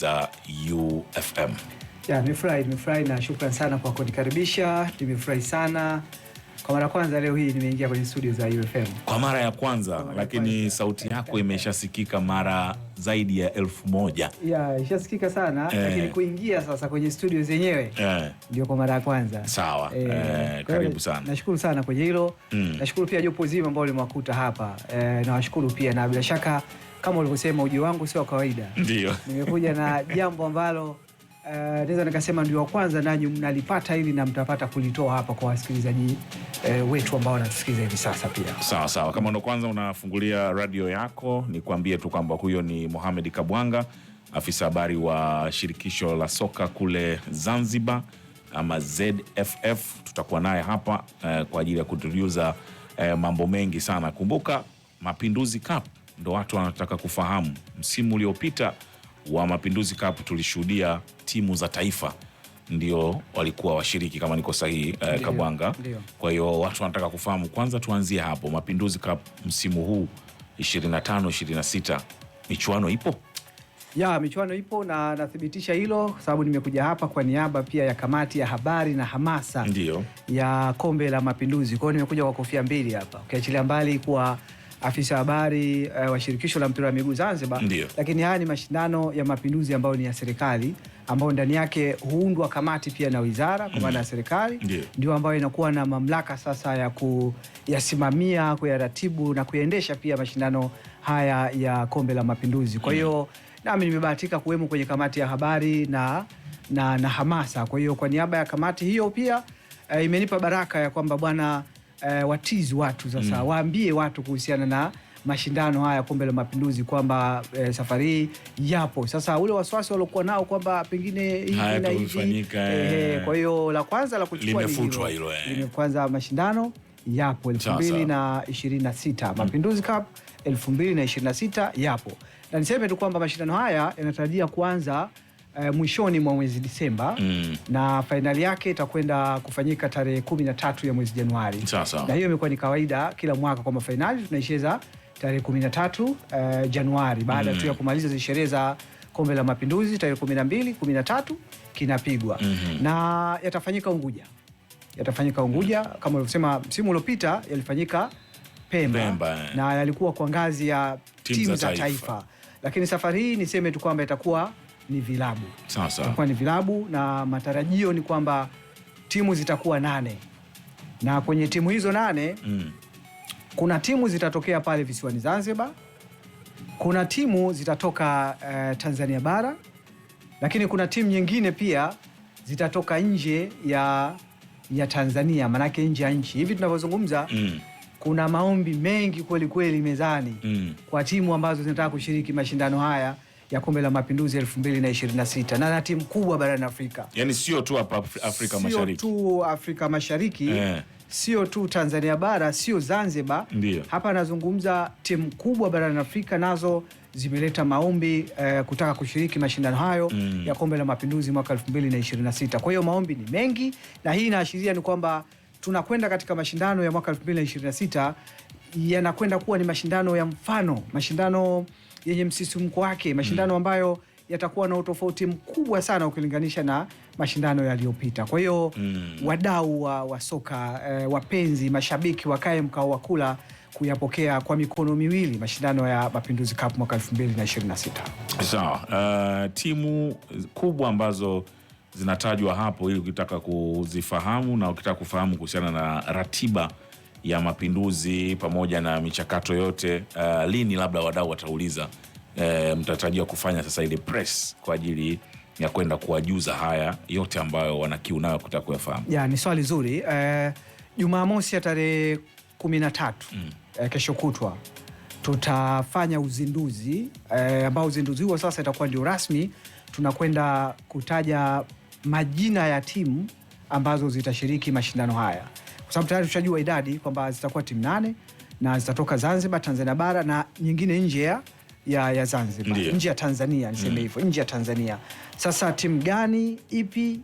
za UFM. Nimefurahi, nimefurahi na shukran sana kwa kunikaribisha. Nimefurahi sana kwa mara ya kwanza leo hii nimeingia kwenye studio za UFM kwa mara ya kwanza, mara lakini kwanza. Sauti yako imeshasikika mara zaidi ya elfu moja yeah, ishasikika sana eh. Lakini kuingia sasa kwenye studio zenyewe eh, ndio kwa mara ya kwanza. Sawa eh, eh, karibu sana, nashukuru sana kwenye hilo mm. Nashukuru pia jopo zima ambao limewakuta hapa eh, nawashukuru pia na bila shaka kama ulivyosema, uji wangu sio wa kawaida. Ndio nimekuja na jambo ambalo Uh, naweza nikasema ndio wa kwanza nanyi mnalipata hili na mtapata kulitoa hapa kwa wasikilizaji uh, wetu ambao wanatusikiliza hivi sasa pia. Sawa sawa, kama ndo kwanza unafungulia radio yako, nikuambie tu kwamba huyo ni Mohamed Kabwanga, afisa habari wa shirikisho la soka kule Zanzibar ama ZFF. Tutakuwa naye hapa uh, kwa ajili ya kutujuza uh, mambo mengi sana. Kumbuka Mapinduzi Cup ndo watu wanataka kufahamu. Msimu uliopita wa Mapinduzi Cup tulishuhudia timu za taifa ndio walikuwa washiriki kama niko sahihi, eh, Kabwanga. Kwa hiyo watu wanataka kufahamu, kwanza tuanzie hapo, Mapinduzi Cup msimu huu 25 26 michuano ipo ya michuano ipo, na nathibitisha hilo kwa sababu nimekuja hapa kwa niaba pia ya kamati ya habari na hamasa ndio ya kombe la Mapinduzi. Kwa hiyo nimekuja kwa kofia mbili hapa, ukiachilia mbali kuwa afisa habari uh, wa shirikisho la mpira wa miguu Zanzibar. Ndiyo. Lakini haya ni mashindano ya mapinduzi ambayo ni ya serikali ambayo ndani yake huundwa kamati pia na wizara kwa maana ya mm. serikali, ndio ambayo inakuwa na mamlaka sasa ya kuyasimamia, kuyaratibu na kuyaendesha pia mashindano haya ya kombe la mapinduzi. Kwa hiyo mm. nami nimebahatika kuwemo kwenye kamati ya habari na, na, na hamasa. Kwa hiyo kwa niaba ya kamati hiyo pia e, imenipa baraka ya kwamba bwana eh, watizi watu sasa mm. waambie watu kuhusiana na mashindano haya Kombe la Mapinduzi kwamba eh, safari hii yapo. Sasa ule wasiwasi waliokuwa nao kwamba pengine hivi na hivi eh, eh. eh, kwa hiyo la kwanza la kuchukua limefutwa Kwanza eh. mashindano yapo 2026 mm. Mapinduzi Cup 2026 yapo, na niseme tu kwamba mashindano haya yanatarajia kuanza eh, mwishoni mwa mwezi Disemba mm. na fainali yake itakwenda kufanyika tarehe kumi na tatu ya mwezi Januari. Sasa. Na hiyo imekuwa ni kawaida kila mwaka kwamba fainali tunaicheza tarehe kumi na tatu e, Januari baada mm. tu ya mm. kumaliza zile sherehe za Kombe la Mapinduzi tarehe kumi na mbili kumi na tatu kinapigwa mm -hmm. na yatafanyika Unguja yatafanyika Unguja mm. kama ulivyosema, msimu uliopita yalifanyika Pemba, Pemba eh. na yalikuwa kwa ngazi ya timu za taifa, taifa. Lakini safari hii niseme tu kwamba itakuwa ni vilabu. Sasa itakuwa ni vilabu na matarajio ni kwamba timu zitakuwa nane na kwenye timu hizo nane mm. kuna timu zitatokea pale visiwani Zanzibar, kuna timu zitatoka uh, Tanzania bara, lakini kuna timu nyingine pia zitatoka nje ya, ya Tanzania, maanake nje ya nchi. Hivi tunavyozungumza mm. kuna maombi mengi kweli kweli mezani mm. kwa timu ambazo zinataka kushiriki mashindano haya ya Kombe la Mapinduzi 2026 na na timu kubwa barani Afrika, yani sio tu hapa Afrika Mashariki, sio tu Afrika Mashariki eh, sio tu Tanzania bara, sio Zanzibar. Ndiyo. Hapa anazungumza timu kubwa barani Afrika nazo zimeleta maombi eh, kutaka kushiriki mashindano hayo mm, ya Kombe la Mapinduzi mwaka 2026. Kwa hiyo maombi ni mengi na hii inaashiria ni kwamba tunakwenda katika mashindano ya mwaka 2026 yanakwenda kuwa ni mashindano ya mfano, mashindano yenye msisimko wake, mashindano hmm. ambayo yatakuwa na utofauti mkubwa sana ukilinganisha na mashindano yaliyopita. Kwa hiyo mm, wadau wa, wa soka e, wapenzi, mashabiki wakae mkao wa kula kuyapokea kwa mikono miwili mashindano ya Mapinduzi Cup mwaka 2026. Sawa. So, uh, eh, timu kubwa ambazo zinatajwa hapo ili ukitaka kuzifahamu na ukitaka kufahamu kuhusiana na ratiba ya mapinduzi pamoja na michakato yote uh, lini labda wadau watauliza uh, mtatarajiwa kufanya sasa ile press kwa ajili ya kwenda kuwajuza haya yote ambayo wana kiu nayo kutaka kuyafahamu? Ya, ni swali zuri. Uh, Jumamosi uh, ya tarehe kumi na tatu mm. uh, kesho kutwa tutafanya uzinduzi uh, ambao uzinduzi huo sasa itakuwa ndio rasmi. Tunakwenda kutaja majina ya timu ambazo zitashiriki mashindano haya kwa sababu tayari tushajua idadi kwamba zitakuwa timu nane na zitatoka Zanzibar, Tanzania bara na nyingine nje ya ya, ya Zanzibar nje ya Tanzania niseme mm. nje ya Tanzania. Sasa timu gani ipi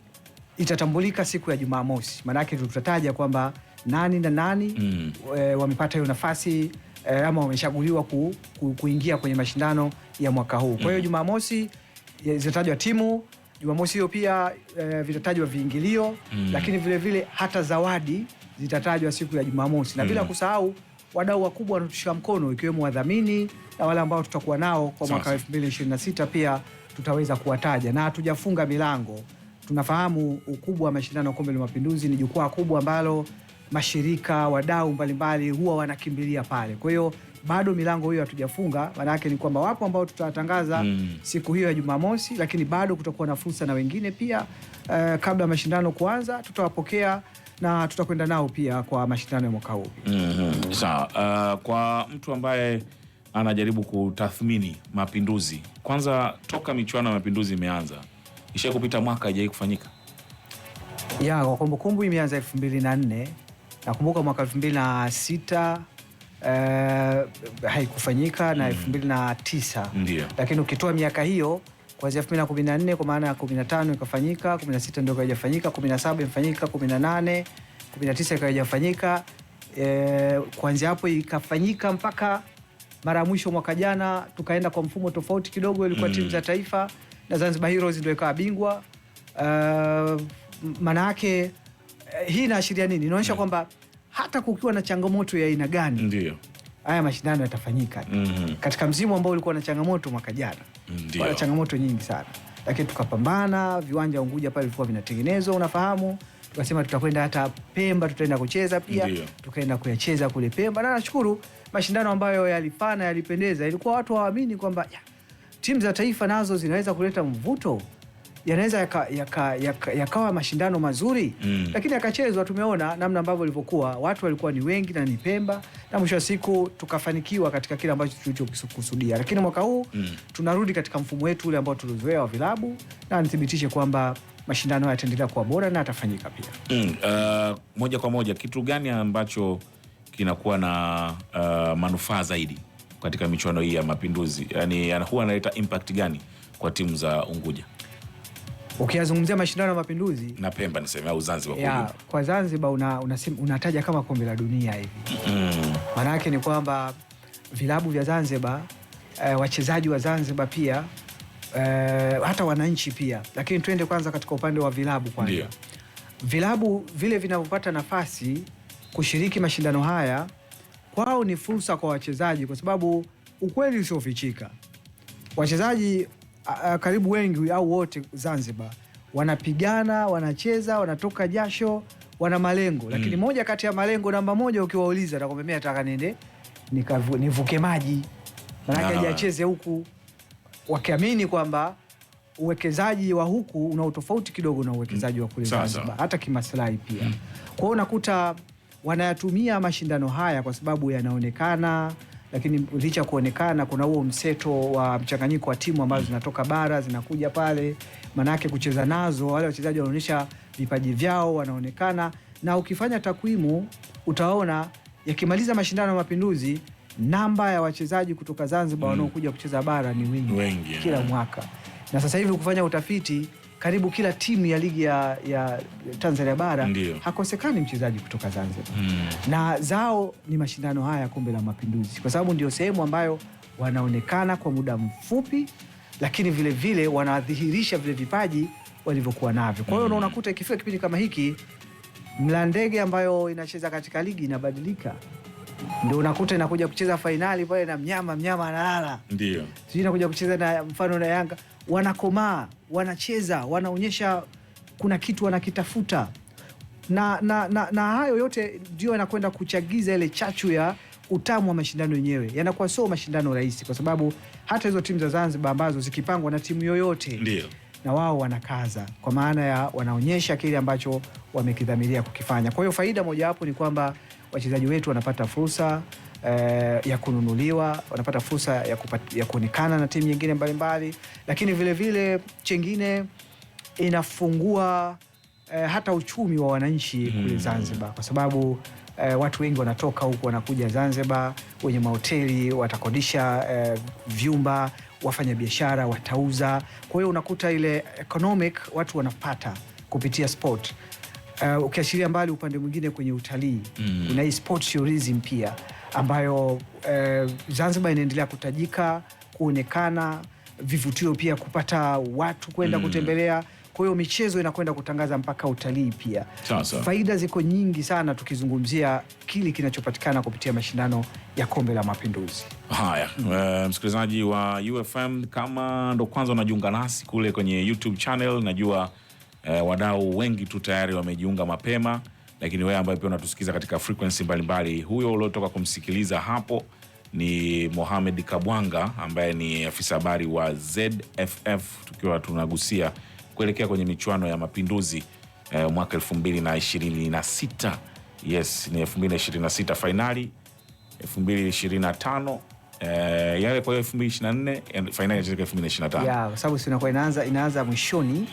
itatambulika siku ya Jumamosi? Maanake tutataja kwamba nani na nani mm. e, wamepata hiyo nafasi e, ama wameshaguliwa ku, ku, kuingia kwenye mashindano ya mwaka huu. Kwa hiyo mm. Jumamosi zitatajwa timu Jumamosi hiyo pia e, vitatajwa viingilio mm. lakini vilevile vile hata zawadi zitatajwa siku ya Jumamosi na bila mm. kusahau wadau wakubwa wanatushika mkono ikiwemo wadhamini na wale ambao tutakuwa nao kwa mwaka 2026 pia tutaweza kuwataja, na hatujafunga milango. Tunafahamu ukubwa wa mashindano ya Kombe la Mapinduzi ni jukwaa kubwa ambalo mashirika wadau mbalimbali huwa wanakimbilia pale. Kwa hiyo bado milango hiyo hatujafunga, maana yake ni kwamba wapo ambao tutawatangaza mm. siku hiyo ya Jumamosi, lakini bado kutakuwa na fursa na wengine pia. Uh, kabla ya mashindano kuanza tutawapokea na tutakwenda nao pia kwa mashindano ya mwaka huu. mm -hmm. Sawa. Uh, eh, kwa mtu ambaye anajaribu kutathmini mapinduzi, kwanza toka michuano ya mapinduzi imeanza ishai kupita mwaka haijai kufanyika ya kwa kumbukumbu, imeanza elfu mbili na nne nakumbuka mwaka elfu mbili na sita eh, haikufanyika na mm. elfu mbili na tisa, lakini ukitoa miaka hiyo kuanzia 2014 kwa maana ya 15 ikafanyika, 16 ndio kaijafanyika, 17 imefanyika, 18, 19 ikaijafanyika. haijafanyika. E, kuanzia hapo ikafanyika mpaka mara ya mwisho mwaka jana tukaenda kwa mfumo tofauti kidogo, ilikuwa mm. timu za mm. taifa na Zanzibar Heroes ndio ikawa bingwa. Uh, maana yake e, hii inaashiria nini? Inaonyesha mm. kwamba hata kukiwa na changamoto ya aina gani, ndio haya mashindano yatafanyika mm -hmm. katika msimu ambao ulikuwa na changamoto mwaka jana na changamoto nyingi sana, lakini tukapambana. Viwanja Unguja pale vilikuwa vinatengenezwa, unafahamu tukasema tutakwenda hata Pemba, tutaenda kucheza pia, tukaenda kuyacheza kule Pemba, na nashukuru mashindano ambayo yalifana, yalipendeza. Ilikuwa watu hawaamini kwamba timu za taifa nazo zinaweza kuleta mvuto yanaweza yakawa yaka, yaka, yaka mashindano mazuri mm. Lakini yakachezwa, tumeona namna ambavyo ilivyokuwa, watu walikuwa ni wengi na ni Pemba, na mwisho wa siku tukafanikiwa katika kile ambacho tulichokusudia. Lakini mwaka huu mm. tunarudi katika mfumo wetu ule ambao tulizoea wa vilabu, na nithibitishe kwamba mashindano yataendelea kuwa bora na yatafanyika pia mm. Uh, moja kwa moja, kitu gani ambacho kinakuwa na uh, manufaa zaidi katika michuano hii ya Mapinduzi, yani huwa analeta impact gani kwa timu za Unguja? Ukiyazungumzia mashindano ya mapinduzi na Pemba niseme au Zanzibar ya, kwa Zanzibar una, una, unataja kama kombe la dunia hivi mm. Maana yake ni kwamba vilabu vya Zanzibar e, wachezaji wa Zanzibar pia e, hata wananchi pia, lakini twende kwanza katika upande wa vilabu kwanza. Ndio. Vilabu vile vinavyopata nafasi kushiriki mashindano haya kwao ni fursa kwa wachezaji, kwa sababu ukweli usiofichika wachezaji uh, karibu wengi au wote Zanzibar wanapigana, wanacheza, wanatoka jasho, wana malengo mm. lakini moja kati ya malengo namba moja ukiwauliza, nakwambia mimi nataka niende nivuke maji, manake ajacheze huku, wakiamini kwamba uwekezaji wa huku una utofauti kidogo na uwekezaji mm. wa kule Zanzibar, hata kimaslahi pia mm. Kwa hiyo unakuta wanayatumia mashindano haya kwa sababu yanaonekana lakini licha kuonekana kuna huo mseto wa mchanganyiko wa timu ambazo zinatoka bara zinakuja pale, manake kucheza nazo wale wachezaji wanaonyesha vipaji vyao, wanaonekana na ukifanya takwimu utaona yakimaliza mashindano ya Mapinduzi, namba ya wachezaji kutoka Zanzibar mm. wanaokuja kucheza bara ni wengi, wengi kila eh. mwaka na sasa hivi ukifanya utafiti karibu kila timu ya ligi ya, ya Tanzania bara Ndiyo. hakosekani mchezaji kutoka Zanzibar mm. na zao ni mashindano haya ya Kombe la Mapinduzi, kwa sababu ndio sehemu ambayo wanaonekana kwa muda mfupi, lakini vilevile wanadhihirisha vile vipaji walivyokuwa navyo. Kwa hiyo mm. unakuta ikifika kipindi kama hiki, Mlandege ambayo inacheza katika ligi inabadilika ndio unakuta inakuja kucheza fainali pale na mnyama mnyama analala, ndio sijui inakuja kucheza na mfano na Yanga wanakomaa, wanacheza, wanaonyesha kuna kitu wanakitafuta na, na, na, na hayo yote ndio yanakwenda kuchagiza ile chachu ya utamu wa mashindano yenyewe. Yanakuwa sio mashindano rahisi, kwa sababu hata hizo timu za Zanzibar ambazo zikipangwa na timu yoyote ndio na wao wanakaza, kwa maana ya wanaonyesha kile ambacho wamekidhamiria kukifanya. Kwa hiyo faida mojawapo ni kwamba wachezaji wetu wanapata fursa eh, ya kununuliwa, wanapata fursa ya, ya kuonekana na timu nyingine mbalimbali, lakini vilevile chengine inafungua eh, hata uchumi wa wananchi hmm. kule Zanzibar kwa sababu eh, watu wengi wanatoka huku wanakuja Zanzibar, wenye mahoteli watakodisha eh, vyumba, wafanya biashara watauza. Kwa hiyo unakuta ile economic watu wanapata kupitia sport uh, ukiachilia mbali upande mwingine kwenye utalii mm. una sport tourism pia ambayo uh, Zanzibar inaendelea kutajika kuonekana, vivutio pia kupata watu kwenda mm. kutembelea kwa hiyo michezo inakwenda kutangaza mpaka utalii pia. Sasa faida ziko nyingi sana, tukizungumzia kile kinachopatikana kupitia mashindano ya Kombe la Mapinduzi haya. mm. Uh, msikilizaji wa UFM, kama ndo kwanza unajiunga nasi kule kwenye YouTube channel, najua eh, wadau wengi tu tayari wamejiunga mapema, lakini wewe ambaye pia unatusikiza katika frequency mbalimbali, huyo uliotoka kumsikiliza hapo ni Mohamed Kabwanga ambaye ni afisa habari wa ZFF, tukiwa tunagusia kuelekea kwenye michuano ya Mapinduzi eh, mwaka 2026. Yes, ni 2026 fainali 2025 Eh, yale kwa 2024 finali inachezwa 2025. Yeah, sababu sio inaanza inaanza mwishoni.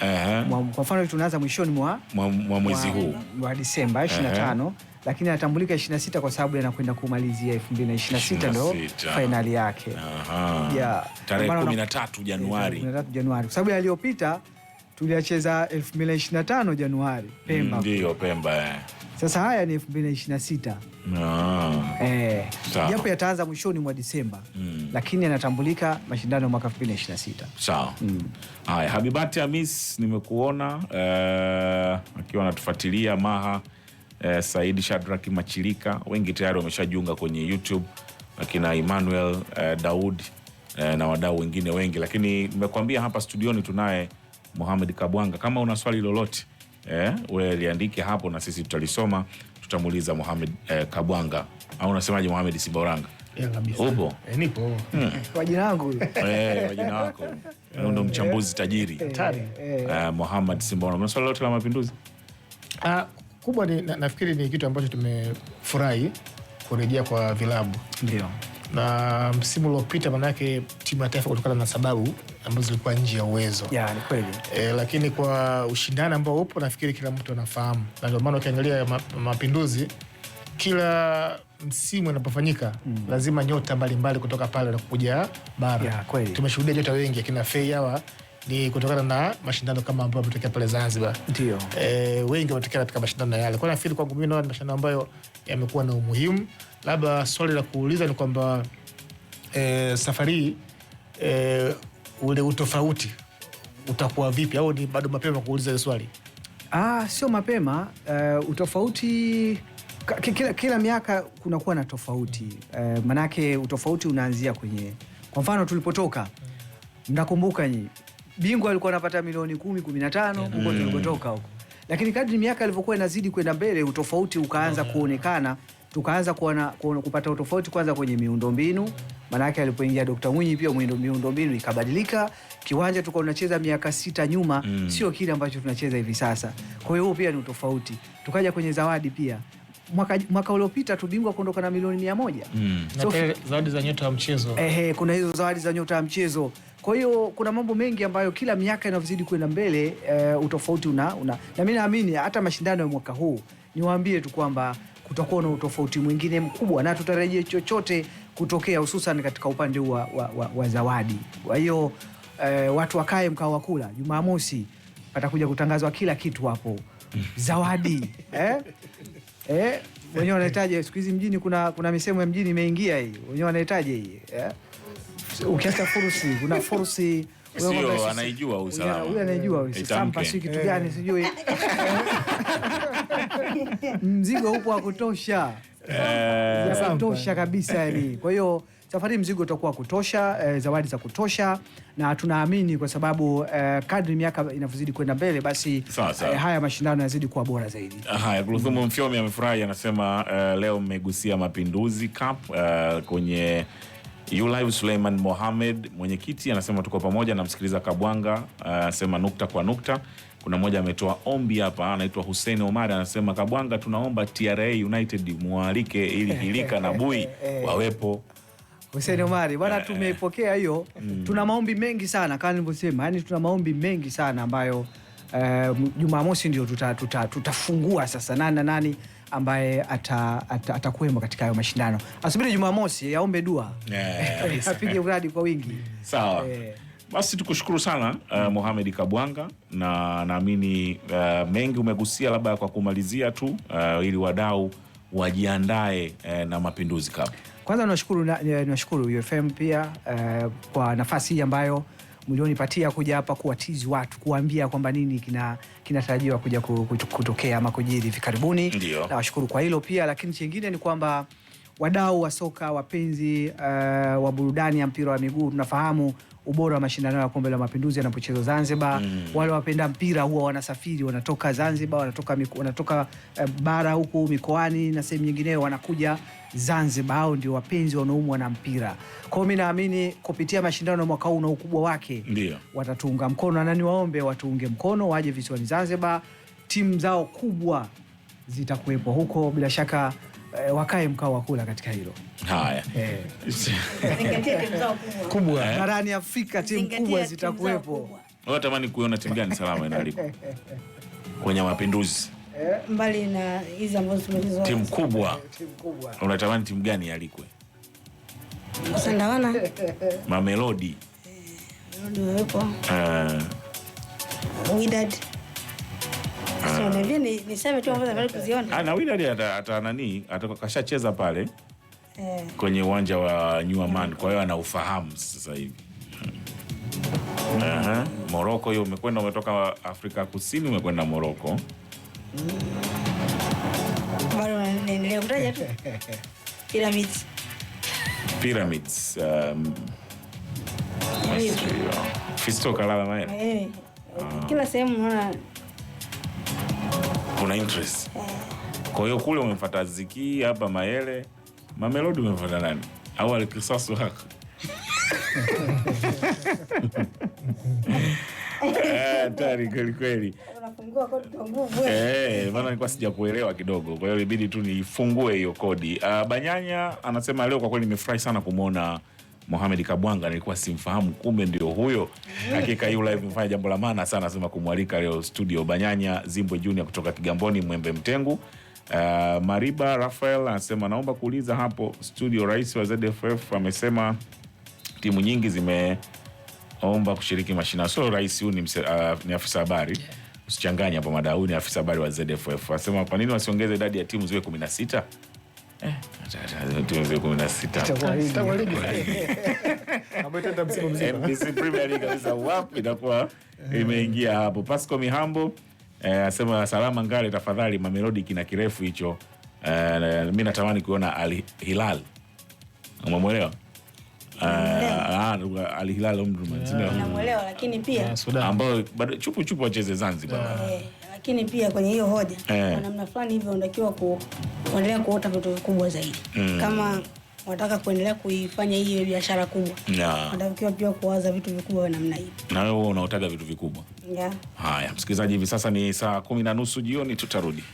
Kwa mfano tunaanza mwishoni mwa mwa mwezi huu wa Disemba 25 lakini anatambulika 26 kwa sababu anakwenda kumalizia 2026 ndio finali yake. Aha. Yeah. Tarehe 13 Januari. 13 Januari. Kwa sababu aliyopita tuliacheza 2025 Januari Pemba. Ndio Pemba. Eh. Sasa haya ni 2026 ah. eh, japo yataanza mwishoni mwa Disemba mm. lakini yanatambulika mashindano ya mwaka 2026. Sawa. Mm. Haya, Habibati Hamis nimekuona uh, akiwa anatufuatilia Maha uh, eh, Saidi Shadraki Machilika, wengi tayari wameshajiunga kwenye YouTube akina Emmanuel uh, Daud uh, na wadau wengine wengi, lakini nimekuambia hapa studioni tunaye Mohamed Kabwanga. Kama una swali lolote eh, liandike hapo na sisi tutalisoma, tutamuuliza Mohamed eh, Kabwanga au unasemaje Mohamed Sibauranga? Upo eh, hmm. wajina wangu eh, wajina wako ndo mchambuzi tajiri eh, Mohamed Siboranga. kuna swala lote la mapinduzi ah, kubwa ni, na, nafikiri ni kitu ambacho tumefurahi kurejea kwa vilabu ndio, na msimu uliopita maanake timu ya taifa kutokana na sababu ambazo zilikuwa nje ya uwezo yeah, ni kweli e, lakini kwa ushindani ambao upo nafikiri kila mtu anafahamu, na ndio maana ukiangalia mapinduzi kila msimu unapofanyika mm. lazima nyota mbalimbali kutoka pale na kuja bara yeah, tumeshuhudia nyota wengi akina Fei hawa ni kutokana na mashindano kama ambayo ametokea pale Zanzibar. Ndio. E, wengi wametokea katika mashindano yale. Kwa nafikiri kwangu mimi naona ni mashindano ambayo yamekuwa na umuhimu. Labda swali la kuuliza ni kwamba e, safari e, ule utofauti utakuwa vipi, au ni bado mapema kuuliza hilo swali? Ah, sio mapema. Uh, utofauti kila, kila miaka kunakuwa na tofauti uh, manake utofauti unaanzia kwenye, kwa mfano tulipotoka, mnakumbuka nyi bingwa alikuwa anapata milioni kumi, kumi na tano huko tulipotoka huko, lakini kadri miaka ilivyokuwa inazidi kwenda mbele utofauti ukaanza kuonekana, tukaanza kuona kupata utofauti kwanza kwenye miundombinu Manake alipoingia Dr. Mwinyi pia miundombinu ikabadilika. Kiwanja tulikuwa tunacheza miaka sita nyuma mm. sio kile ambacho tunacheza hivi sasa. Kwa hiyo huo pia ni tofauti. Tukaja kwenye zawadi pia mwaka, mwaka uliopita tubingwa kuondoka na milioni mia moja mm. so, zawadi za nyota ya mchezo ehe, kuna hizo zawadi za nyota ya mchezo. Kwa hiyo kuna mambo mengi ambayo kila miaka inavyozidi kwenda mbele e, utofauti una, una na mimi naamini hata mashindano ya mwaka huu niwaambie tu kwamba kutakuwa na utofauti mwingine mkubwa na tutarejea chochote kutokea hususan katika upande wa, wa, wa, wa zawadi. Kwa hiyo eh, watu wakae mkao wa kula Jumamosi, patakuja kutangazwa kila kitu hapo zawadi eh? Eh? Wenyewe wanahitaji siku hizi mjini kuna, kuna misemo ya mjini imeingia hii, wenyewe wanahitaji hii eh? Ukiacha furusi kuna furusi anaijua usalama. Huyu anaijua sampa si kitu eh. gani sijui. Mzigo upo wa kutosha. Eh, yakutosha kabisa yani. Kwa hiyo safari mzigo utakuwa kutosha, e, zawadi za kutosha, na tunaamini kwa sababu e, kadri miaka inavyozidi kwenda mbele basi e, haya mashindano yanazidi kuwa bora zaidi. Haya, Kuluthumu mm. Mfyomi amefurahi anasema, uh, leo mmegusia Mapinduzi Cup uh, kwenye Ulive. Suleiman Mohamed mwenyekiti anasema tuko pamoja, namsikiliza Kabwanga anasema uh, nukta kwa nukta kuna mmoja ametoa ombi hapa, anaitwa Hussein Omar, anasema Kabwanga, tunaomba TRA United mwalike ili Hilika na Bui wawepo. Hussein Omar bwana, eh, eh. tumeipokea hiyo. Mm. Tuna maombi mengi sana kama nilivyosema, yani tuna maombi mengi sana ambayo eh, Jumamosi uh, ndio tutafungua tuta, tuta sasa nani na nani ambaye atakuwemo ata, ata katika hayo mashindano. Asubiri Jumamosi yaombe dua, apige uradi kwa wingi. Sawa. Basi tukushukuru sana uh, Mohamed Kabwanga, na naamini uh, mengi umegusia, labda kwa kumalizia tu uh, ili wadau wajiandae uh, na Mapinduzi Cup. Kwanza nashukuru eh, nashukuru UFM pia uh, kwa nafasi hii ambayo mlionipatia kuja hapa kuwatizi watu kuambia kwamba nini kinatarajiwa kina kuja kutokea ama kujiri hivi karibuni. Nawashukuru kwa hilo pia, lakini chingine ni kwamba wadau wa soka, wapenzi uh, wa burudani ya mpira wa miguu, tunafahamu ubora wa mashindano ya kombe la mapinduzi yanapochezwa Zanzibar mm. Wale wapenda mpira huwa wanasafiri, wanatoka Zanzibar, wanatoka, wanatoka eh, bara huku mikoani na sehemu nyingineyo, wanakuja Zanzibar. Hao ndio wapenzi wanaumwa na mpira. Kwa hiyo naamini kupitia mashindano ya mwaka huu na ukubwa wake watatunga watatuunga mkono na niwaombe watuunge mkono, waje visiwani Zanzibar, timu zao kubwa zitakuwepo huko bila shaka. Eh, wakae mkao wa kula katika hilo. Haya, kubwa barani Afrika timu kubwa zitakuwepo. Wewe Natamani kuona timu gani salama inalipa kwenye mapinduzi eh, mbali na hizo ambazo tumezizoea. Eh, timu kubwa unatamani timu gani yalikwe? Sandawana, Mamelodi, Mamelodi, uh, Wydad Ah. Ah, nani kashacheza pale eh, kwenye uwanja wa New Aman, kwa hiyo anaufahamu sasa hivi. Aha, Morocco hiyo umekwenda, umetoka Afrika Kusini umekwenda Morocco. Pyramids. Pyramids. Um, Fisto kalala maana. Eh. Ah. Kila sehemu unaona kuna interest. Eh. Kwa hiyo kule umefuata Ziki, hapa Mayele, Mamelodi umefuata nani? Au alikisasu haka? Eh, hatari kweli kweli. kwa eh, maana nilikuwa kidogo. Kwa hiyo ibidi tu nifungue hiyo kodi. Uh, Banyanya anasema leo kwa kweli nimefurahi sana kumwona Mohamed Kabwanga nilikuwa simfahamu, kumbe ndio huyo. Hakika hii live imefanya jambo la maana sana sema kumwalika leo studio Banyanya Zimbwe Junior kutoka Kigamboni Mwembe Mtengu. Uh, Mariba Rafael anasema naomba kuuliza hapo studio, rais wa ZFF amesema timu nyingi zimeomba kushiriki mashindano. Sio rais huyu, ni, uh, ni afisa habari yeah. Usichanganye hapo madauni, afisa habari wa ZFF anasema kwa nini wasiongeze idadi ya timu ziwe 16? Eh, tuanze eh. imeingia hapo. Pasco Mihambo eh, asema eh, salama Ngale, tafadhali Mamelodi kina kirefu hicho eh, mi natamani kuona Al Hilal, umemwelewa Al Omdurman, Namuelewa, lakini pia ambao bado chupu chupu wacheze Zanzibar. Lakini pia kwenye hiyo hoja eh. kwa namna fulani hivyo unatakiwa kuendelea kuota vitu vikubwa zaidi eh. kama wataka kuendelea kuifanya hiyo biashara kubwa yeah. Watakiwa pia kuwaza vitu vikubwa namna hii. Na wewe unaotaga vitu vikubwa yeah. Haya msikilizaji, hivi sasa ni saa kumi na nusu jioni, tutarudi.